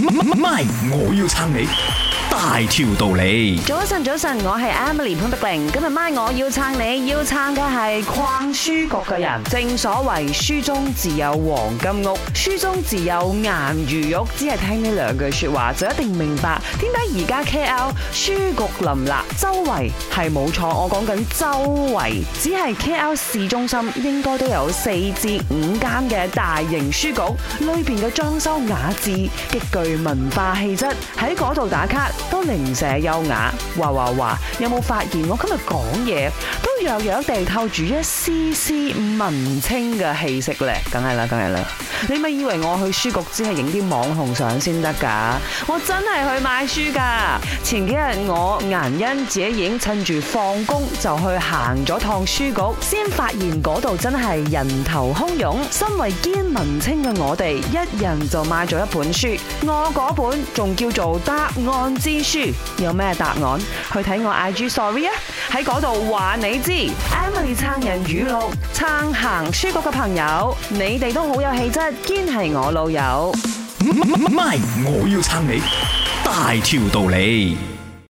MY, 我要撐你。大條道理。早晨，早晨，我係 Emily 潘德玲。今日晚我要撐你，要撐嘅係逛書局嘅人。正所謂書中自有黃金屋，書中自有顏如玉。只係聽呢兩句說話，就一定明白點解而家 KL 書局林立，周圍係冇錯。我講緊周圍，只係 KL 市中心應該都有四至五間嘅大型書局，裏邊嘅裝修雅致，極具文化氣質，喺嗰度打卡。都零舍優雅，哇哇哇！哇，有冇發現我今日講嘢？又有地透住一絲絲文青嘅氣息咧，梗係啦，梗係啦！你咪以為我去書局只係影啲網紅相先得噶？我真係去買書噶！前幾日我顏欣自己影，趁住放工就去行咗趟書局，先發現度真係人頭洶湧。身為兼文青嘅我哋，一人就買咗一本書我本。我本仲叫做答案之書，有咩答案？去睇我 IG story 啊！喺度話你。Emily 撐人語錄，撐行書局嘅朋友，你哋都好有氣質，堅係我老友。唔係，我要撐你，大條道理。